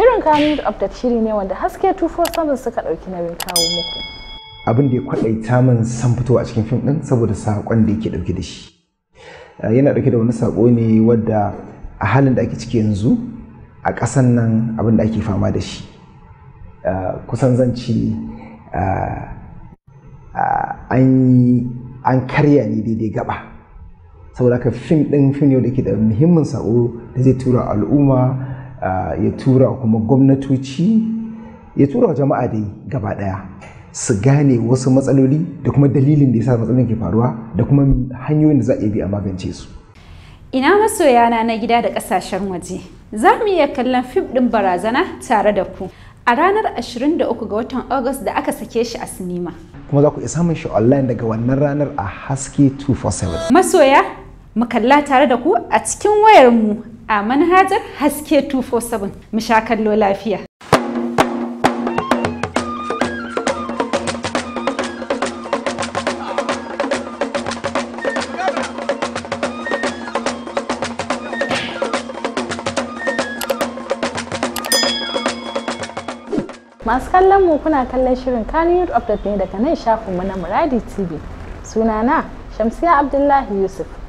Shirin Kamin Update shiri ne wanda haske 247 suka dauki nauyin kawo muku. Abin da ya kwadaita min san fito a cikin fim ɗin saboda sakon da yake ɗauke da shi. Eh, yana ɗauke da wani sako ne wadda a halin da ake ciki yanzu a ƙasan nan abin da ake fama da shi. Eh, kusan zan ci eh, an karya ne daidai gaba. saboda haka fim ɗin fim ne da ke da muhimmin saƙo da zai tura al'umma ya tura kuma gwamnatoci ya tura wa jama'a dai gaba daya su gane wasu matsaloli da kuma dalilin da ya sa matsalolin ke faruwa da kuma hanyoyin da za a bi a magance su ina masoya na na gida da kasashen waje za mu iya kallon fim ɗin barazana tare da ku a ranar 23 ga watan August da aka sake shi a sinima. Kuma za ku iya samun shi online daga wannan ranar a Haske 247. Masoya, mu kalla tare da ku a cikin wayarmu a manhajar haske 247 mu sha kallo lafiya masu kallon mu kuna kallon shirin kaniyar update ne daga nan shafin mu na muradi tv sunana shamsiya abdullahi yusuf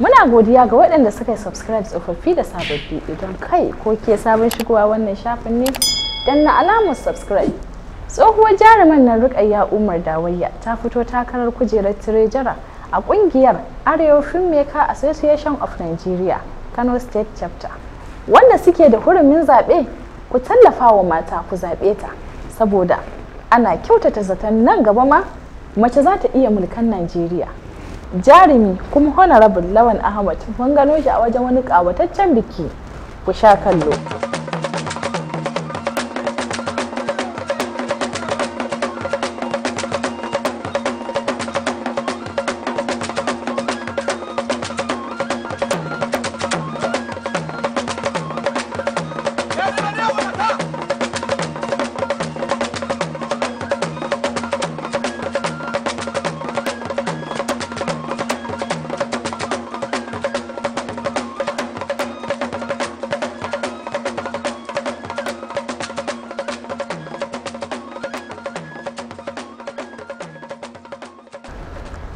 muna godiya ga waɗanda suka yi subscribe tsofaffi da sababbi idan kai ko ke sabon shigowa wannan shafin ne dan na alamar subscribe tsohuwar jaruman nan rukayya umar dawayya ta fito takarar kujerar tirejara a ƙungiyar arewa filmmaker association of nigeria kano state chapter wanda suke da hurumin zaɓe ku tallafa wa mata ku zaɓe ta saboda ana kyautata zaton nan gaba ma mace za ta iya mulkan najeriya jarumi kuma honorable lawan ahmad mun gano shi a wajen wani ƙawataccen biki ku sha kallo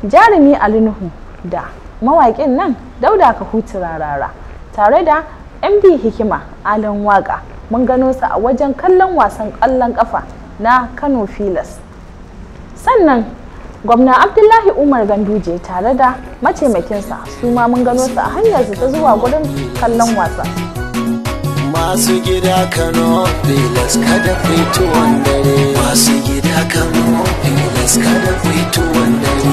jarumi alinuhu da mawaƙin nan dauda ka hutu rarara tare da mb hikima alin waka mun gano su a wajen kallon wasan ƙwallon ƙafa na kano filas sannan gwamna abdullahi umar ganduje tare da mataimakinsa su ma mun gano su a hanyar su ta zuwa gurin kallon wasa masu gida kano filas kada fito ne masu gida kano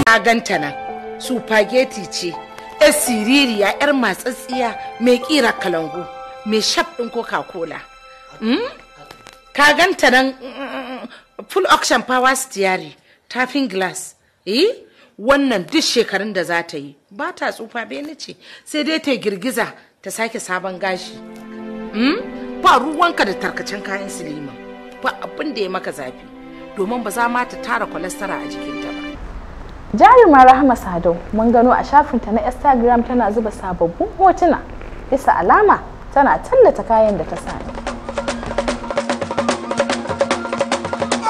Na ganta nan, supageti ce, ‘yar siririya, ‘yar matsatsiya mai ƙira kalangu, mai shaf ɗin Coca-Cola. Hmm? Ka ganta nan full auction power steering, tafin glass, eh? wannan duk shekarun da za ta yi ba ta tsufa bene ce sai dai ta girgiza ta sake sabon gashi hmm? ba ruwanka da tarkacen kayan silima ba abin da ya maka zafi domin ba za ma ta tara kwalestara a jikinta ba. Jarima Rahama Sadau mun gano a shafinta na Instagram tana zuba sababbin hotuna bisa alama tana tallata kayan da ta sani.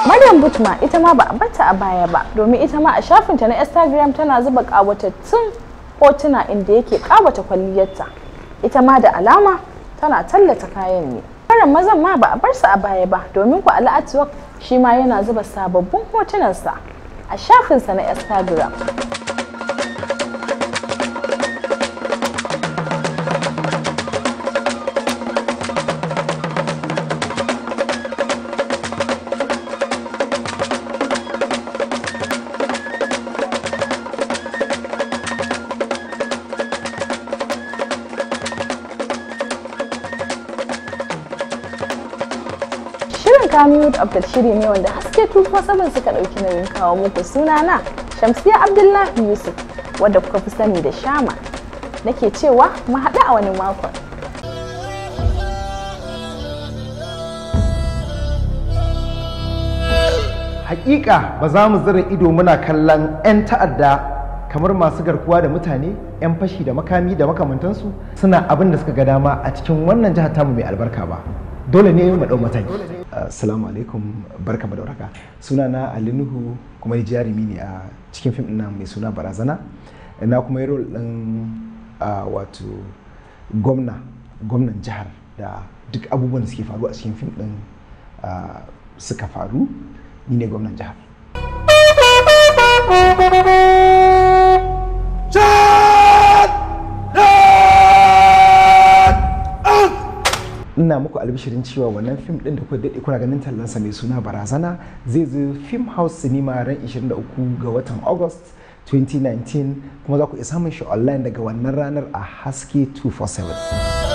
Maryam Butma ita ma ba a bata a baya ba domin ita ma a shafinta na Instagram tana zuba kawatattun hotuna inda yake kawata kwalliyarta. Ita ma da alama tana tallata kayan ne. Karan mazan ma ba a bar su a baya ba domin ku al'atuwa shi ma yana zuba sababbin hotunansa a shafinsa na instagram Kamilu Abdul shiri ne wanda haske tufa suka ɗauki nauyin kawo muku sunana Shamsiya Abdullahi Yusuf wadda kuka fi sani da Shama. Nake cewa mu haɗu a wani makon. Hakika ba za mu zira ido muna kallon 'yan ta'adda kamar masu garkuwa da mutane 'yan fashi da makami da makamantansu suna abin da suka ga dama a cikin wannan jihar tamu mai albarka ba dole ne mu ɗau mataki assalamu alaikum barka da warhaka suna na alinuhu kuma ni jarumi ne a cikin fim na mai suna barazana na kuma yi rol ɗin wato gwamna gwamnan jihar da duk abubuwan da suke faru a cikin fim ɗin suka faru ni ne gwamnan jihar ina muku albishirin cewa wannan fim din da kuka daɗe kuna ganin tallansa mai suna barazana zai zo film house cinema ran 23 ga watan august 2019 kuma za ku iya samun shi online daga wannan ranar a haske 247